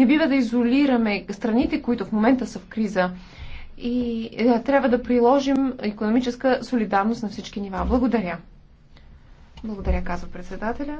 Не бива да изолираме страните, които в момента са в криза. И е, трябва да приложим економическа солидарност на всички нива. Благодаря. Благодаря, казва председателя.